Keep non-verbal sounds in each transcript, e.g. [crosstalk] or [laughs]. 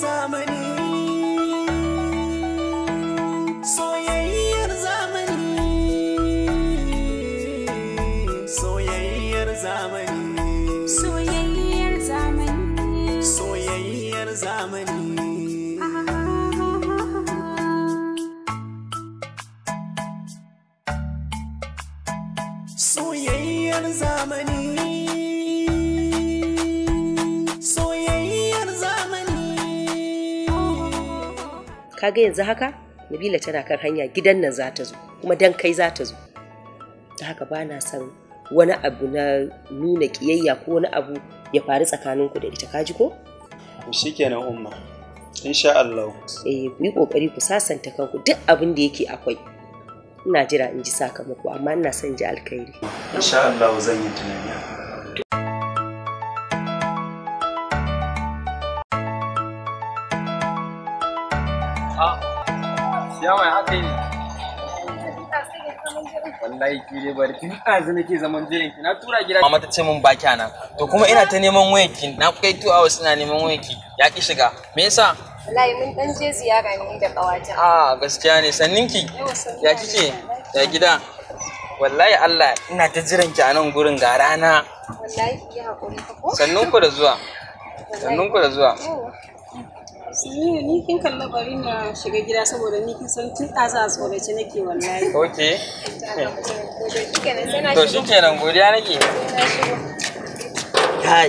zamani kaga yanzu haka nabila tana kan hanya gidan nan za ta zo kuma dan kai za ta zo ta haka ba na son wani abu na nuna kiyayya ko wani abu ya faru tsakaninku da ita kaji ko na umma insha Allah eh ku yi kokari ku sasanta kanku duk abin da yake akwai ina jira in ji sakamako amma ina son ji alkhairi insha Allah zan yi tunani na mama ta ce min ba kyana to kuma ina ta neman wayar na kai 2 hours ina neman wayar ya ki shiga me yasa wallahi mun dan je ziyara ne da a gaskiya ne sannin ya kike ya gida wallahi Allah ina ta jiran ki a nan gurin ga rana wallahi ki hakuri ko sannun ku da zuwa sannun ku da zuwa Samiru ni kin kalla bari na shiga gida saboda ni kin san tun ɗaza a tsorace nake wallahi. Ok. To shi kenan godiya nake. Kai.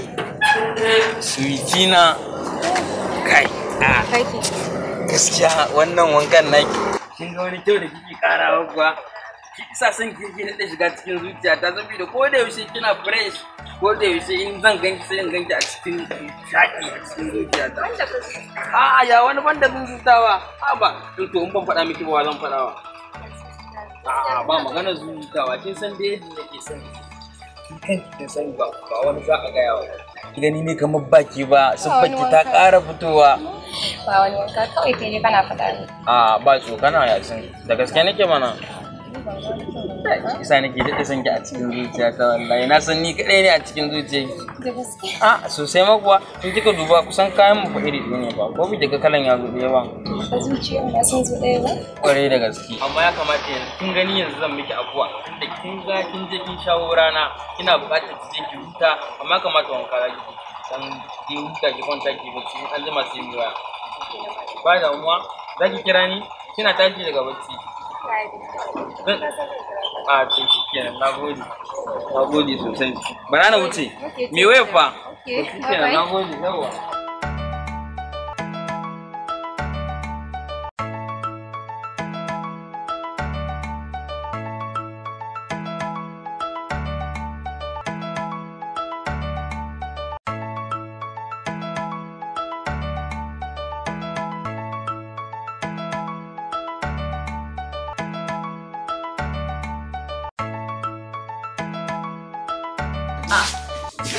Suwiti na. Kai. Kai Gaskiya wannan wankan naki. Kin ga wani kyau da kike karawa kuwa. sa san kirki na shiga cikin zuciya ta da ko da yaushe kina fresh ko da yaushe in zan ganki sai in ganki a cikin shaki a cikin zuciya ta a a ya wani banda zutawa. a ba in to in ban faɗa miki ba zan faɗa wa a ba magana zutawa kin san da yadda nake son kan san ba ba wani za a gaya wa ki gani ne kamar baki ba baki ta ƙara fitowa ba wani wanka kawai kai ne kana faɗa ne a ba tsokana ya san da gaske nake mana Sani nake daɗe son ki a cikin zuciya ta wallahi na san ni kaɗai ne a cikin zuciya ki. A ah, sosai makuwa, kuwa in kika duba kusan kayan mu fa iri ɗaya ne ba ko bi daga kalan ya zo ba. A zuciya ba Kwarai da gaske. Amma ya kamata yanzu kin gani yanzu zan miki abuwa tunda kin za kin je kin shawo rana kina buƙatar ki je ki huta amma kamata wanka za ki dan ki huta ki kwanta ki bacci an jima sai mu waya. Ba da uwa za ki kira ni kina tashi daga bacci. Eh, a to shi na gode na gode sosai bara na wuce me waya fa to shi na gode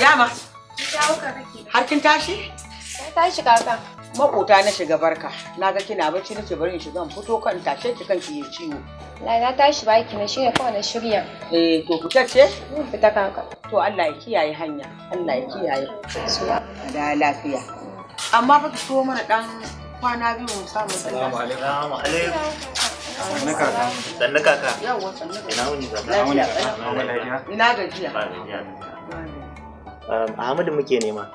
Yama. Har kin tashi? Na tashi kaka. Makota na shiga barka. Na ga kina bacci nake bari in shiga fito kan tashe ki kan ki ciwo. La na tashi baki na shirya kawai na shirya. Eh to fitacce? Mun fita kaka. To Allah ya kiyaye hanya. Allah ya kiyaye. Suwa. Da lafiya. Amma fa ki so mana dan kwana biyu mu samu Assalamu alaikum. Assalamu alaikum. Na kaka sannu kaka yawa sannu kaka ina wuni zama ina gajiya ina gajiya Um, Ahmadu muke nema.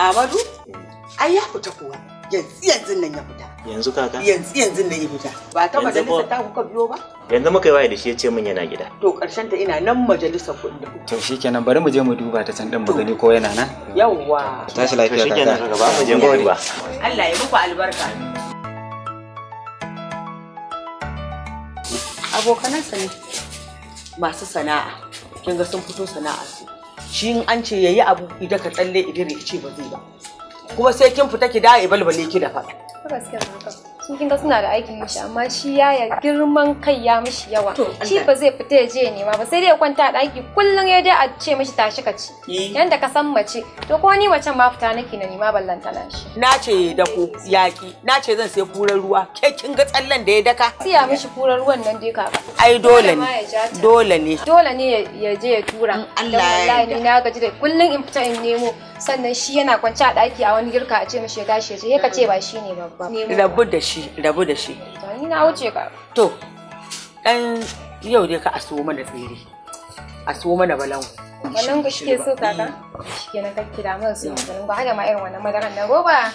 Ahmadu? Eh. Ai ya fita kuwa. Yanzu yanzu nan ya fita. Yanzu kaka? Yanzu yanzu nan ya fita. Ba ta majalisa ta kuka biyo ba? Yanzu muka yi waye da shi ya ce min yana gida. To karshen ta ina nan majalisa kuɗi. To shikenan bari mu je mu duba ta san din mu gani ko yana nan. Yawwa. Tashi lafiya kaka. Shikenan kaka ba mu je mu duba. Allah ya muku albarka. Abokanansa ne masu sana'a. Kin ga sun fito sana'a su. shi in an ce yayi abu idan ka tsalle idan ya ba zai ba kuma sai kin fita ki da ibalbale ki da faɗa gaskiya su kin ga suna da aikin mishi amma shi ya ya girman kai ya mishi yawa shi ba zai fita ya je ya nema ba sai dai ya kwanta a ɗaki kullum ya je a ce mishi tashi ka ci eh. yanda ka san mace to ko ni macen ma fita nake na nema ballan tana shi na ce da ku yaki na ce zan sai furar ruwa ke kin ga tsallan da ya daka siya mishi furar ruwan nan dai ka ai dole ne dole ne dole ne ya je ya tura Allah ya ni na gaji da kullum in fita in nemo sannan shi yana kwance a ɗaki a wani girka a ce mashi ya tashi ya ka ce ba shi ne babba rabu da shi rabu da shi ni na wuce ka to ɗan yau dai ka a siyo mana tsere a siyo mana balangu balangu shi ke so kaka shi ke na kan kira man su balangu hada ma irin wannan madaran na roba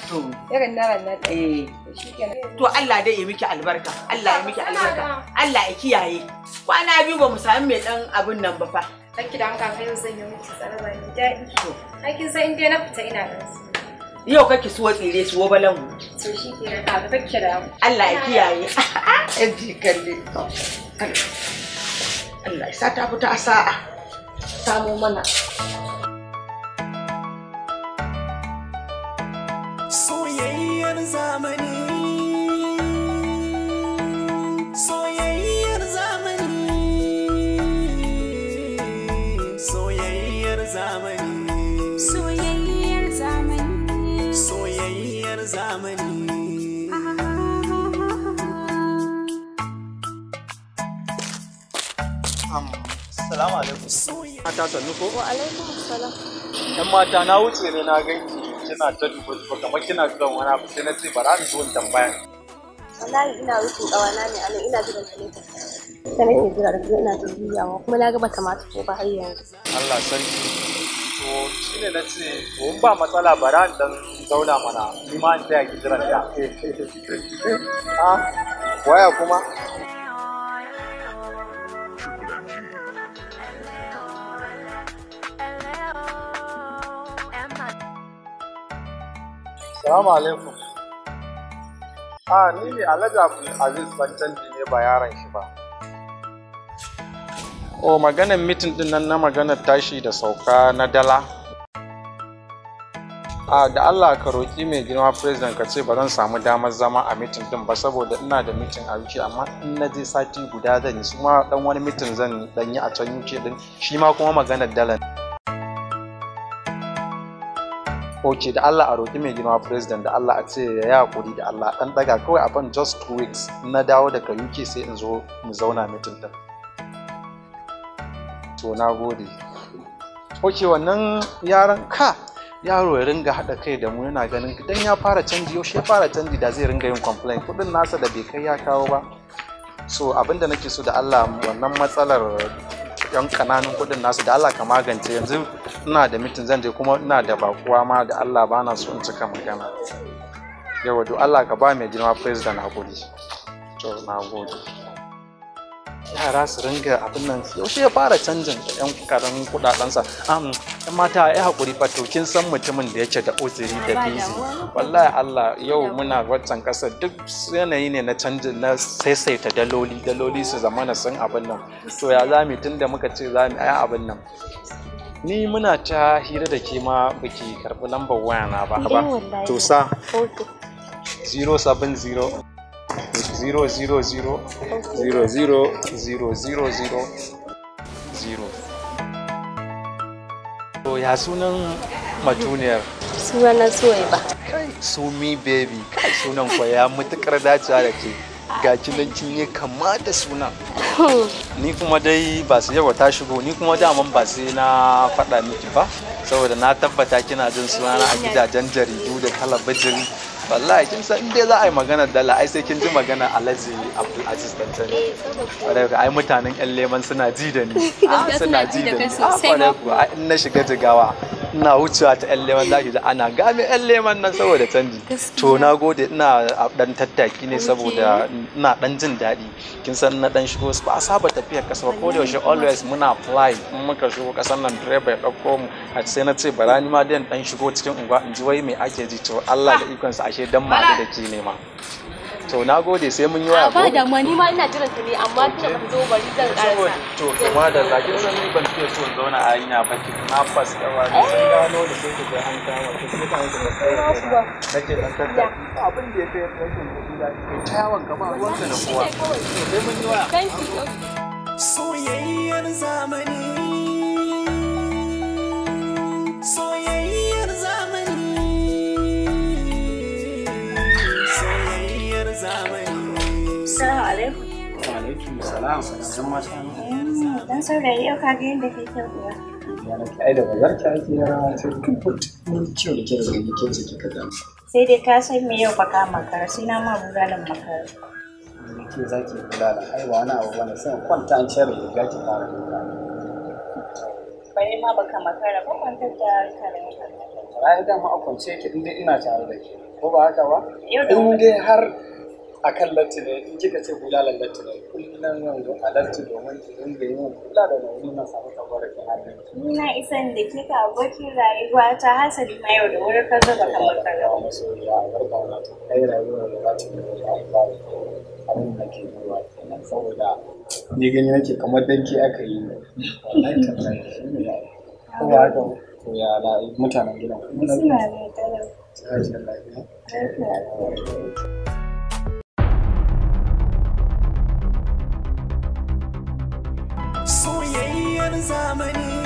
irin na ran eh. na to Allah dai ya miki albarka Allah ya miki albarka Allah ya kiyaye kwana biyu ba mu sami mai dan abin nan ba fa Hakki da haka yau zan yi miki tsaraba mai daɗi. Aikin san in dai na fita ina da su. Yau kake suwa tsire suwa balangu. To shi ke na kaga kake da Allah ya kiyaye. Yan [laughs] ji kalle. Allah ya sa ta fita a sa'a. Samo mana. Soyayyar zamani mata sannu ko? Wa alaikum salam. Yan mata na wuce ne na ganki kina ta duba ko kamar kina zuwan wani abu sai na ce bara ni zuwan tambaya. Wallahi ina wuce kawana ne alai ina jira ta Ta nake jira da kuma ina jibiyawa kuma na gaba ta mata ko ba har yanzu. Allah sarki. To shine na ce to in ba matsala bara ni dan zauna mana ni ma in taya ki ne ta. [laughs] Ah, waya kuma? Salamu alaikum. A ni ne Alhaji Aziz ban canji ne ba yaron shi ba. O maganar mitin din na maganar tashi da sauka na dala. A da Allah ka roƙi mai girma president ka ce ba zan samu damar zama a mitin din ba saboda ina da mitin a UK amma in na je sati guda zan yi su ma dan wani mitin zan yi a can UK din shi ma kuma maganar dala ne. Oke da Allah a roƙi mai girma president da Allah a ce ya yi hakuri da Allah ɗan ɗaga kawai a ban just two weeks na dawo daga UK sai in zo mu zauna mitin ɗin. To na gode. Ok wannan yaran ka yaro ya ringa haɗa kai da mu yana ganin idan ya fara canji yaushe ya fara canji da zai ringa yin complain kuɗin nasa da bai kai ya kawo ba. So abinda nake so da Allah wannan matsalar yan kananun kuɗin nasu da Allah ka magance yanzu ina da mitin zan je kuma ina da bakuwa ma da Allah bana na so in cika magana yawa do Allah ka ba mai girma president hakuri to na gode yara su ringa abin nan yaushe ya fara canjin yan karamin kuɗaɗensa um, yan mata ya haƙuri fa to kin san mutumin da yake da uzuri da bizi wallahi Allah yau muna waccan ƙasa duk yanayi ne na canji na saisaita daloli daloli su zamana sun abin nan to ya za mu tunda muka ce za mu ayi abin nan ni muna ta hira da ke ma biki karɓi lambar waya na ba eh, ba to sa 070 000 000 000 to ya sunan matuniyar sunan soyi ba sumi baby kai sunan kwa ya matukar dacewa da ke ga nan kin yi kama sunan ni kuma dai ba su yawa ta shigo ni kuma daman ba sai na faɗa miki ba saboda na tabbata kina jin sunana a gidajen jaridu da talabijin wallahi kin san inda za a yi magana dala ai sai kin ji magana alhaji abdul aziz tantani eh, wadai ka ai mutanen yan leman suna ji da ni [laughs] suna ji da ni ah, ai in na shiga jigawa ina wucewa ta yan leman zaki da ana gami yan leman nan saboda canji to na gode ina a dan tattaki ne saboda ina dan jin daɗi kin san na dan shigo ba saba tafiyar kasa ba ko da yaushe always muna fly in muka shigo kasar nan direba ya dauko mu a sai na ce barani ma ma dan shigo cikin unguwa in ji wai me ake ji to Allah da ikon sa ashe dan ma da ke nema to na gode sai mun yi waya ba da ma ni ma ina jira ka ne amma kina ban zo bari zan karasa to kuma da zaki, san ni ban ce so zauna a hanya ba ki na fas kawa ni sun gano da sai ki ga an kawo ki sai ka yi da sai ta dan tattaki abin da ya kai rashin kuɗi da ke tawon gaba ruwanka na kowa sai mun yi waya soyayyar zamani salam san mata dan saurayi yau ka ga yadda ke kyau kuwa ai da bazar ta ake yara ta tubut mun kyau da kyau da kyau da kika da sai dai ka san me yau baka makara sai na ma buralan makara ke zaki kula da ai wani abu bane sai kwanta an cire riga ki fara bare ma baka makara ba kwanta da karen ka ai dan ma a kwance ki inda ina tare da ke ko ba haka ba Yau da har a kan in kika ce kula da lantinai kullum nan don a lantin domin ki dinga yin kula da nauyi na samu tabarrakin hannun ni na isan da kika abokin rayuwa ta hasali ma yau da wurin ka zuba kamar ka ga musu ya barka na ta kai rayuwa da za ta yi rayuwa da abin da ke zuwa kenan saboda ni gani nake kamar danki aka yi wallahi tabbata shi ne ko ya ga ko ya la mutanen gidan suna ne talau lafiya zamani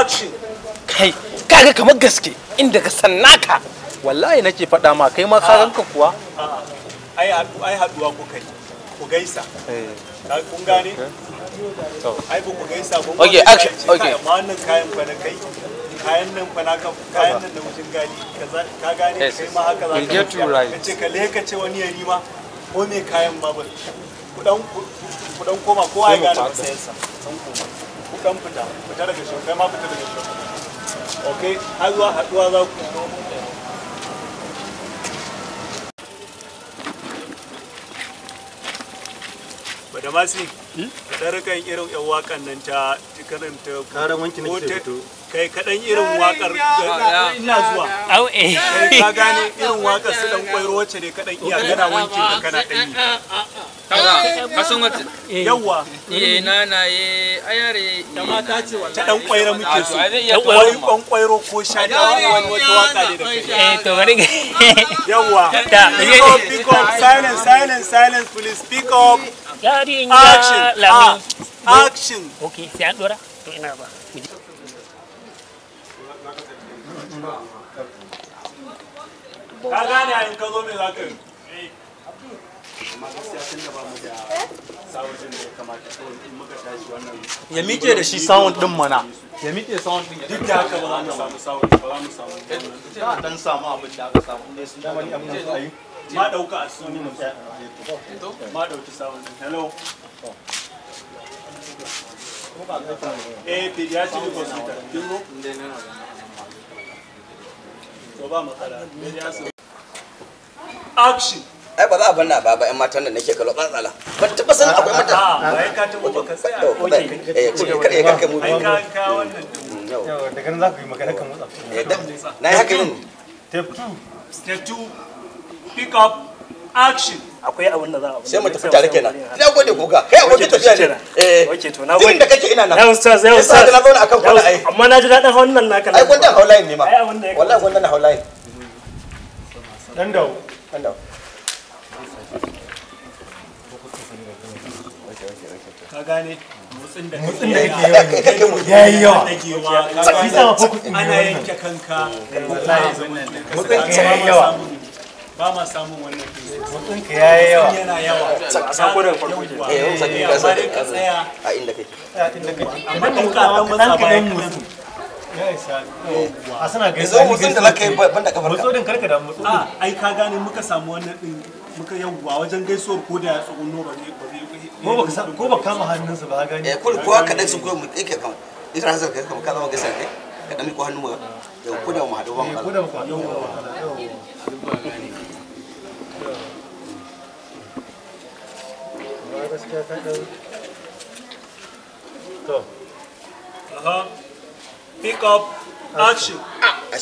action kai kaga kamar gaske inda ka san naka wallahi nake faɗa ma kai ma ka ranka kuwa ai ai haduwa ku kai ku gaisa eh. kun gane eh. ai ku gaisa kun okay action okay amma wannan kayan fa na kai kayan nan fa na kayan nan da wucin gani ka gane kai ma haka za ka ka ce ka leka ce wani yari ma ko me kayan ma ba ku dan ku dan koma kowa ya gane masayansa san koma kan fita fita daga shi kai ma fita daga shi ok har zuwa haduwa za ku da masi hmm? ka ɗarkan irin yan wakan nan ta tikarin ta karan wanki nake fito kai kaɗan irin wakar ina zuwa au eh ka gane irin wakar su dan kwairo wacce ne kaɗan iya gana wanki ka kana ɗan yi ah, ah, ah, kaga eh, ka wata eh eh ayare da mata ce wallahi ta dan kwaira muke ah, so dan kwairo ko wani wata waka eh to bari [laughs] [laughs] pick up silence silence silence please pick up ah, action okay sai an dora to ina ba ka gane ka zo Eh? ya mike da shi sound din mana ya mike sound din duk da haka ba za mu samu sound ba za mu samu za eh, a dan samu abin da aka samu ne sun da wani abin da yi ma dauka a su ne ma dauki sound din hello eh pediatric hospital din mu to ba matsala pediatric action ai ba za a banna ba ba yan matan da nake kallo tsatsala ba ta ba san akwai mata ah, ah, ai ka tabo ba ka tsaya ko ke eh ko ka eh ka mu ai ka ka wannan yau da ganin za ku yi magana kan motsa eh na yi haka yin step 2 step 2 pick up action akwai abin da za a sai mu tafi tare kenan ina gode goga kai abokin tafiya ne eh oke to na gode da kake ina nan yau sai yau sai na zauna akan kwana ai amma na ji dadin wannan naka ai gwandan haulayin ne ma ai wallahi na haulayin dan dawo dan dawo ka gane motsin da yayi yawa yayi ana yanke kanka eh, ba ma samun wannan motsin ka yayi yawa yana yawa eh, a inda kake a inda kake amma a suna gaisa yanzu mutsun da zaka ban da kafarka mutsodin karka da mutsu a ai ka gane muka samu wannan din muka yawwa wajen gaisuwar ko da ya tsugunno ba ko baka sa ko baka kama hannunsa ba gani eh kullu kowa kadan sun koyi mu tsike kan ita hazar ka kama kaza gaisa kai ka dami ko hannu mu yau ko da mu hadu ban eh, ko da mu hadu gaskiya ta dan to Pick up. Action. Ah,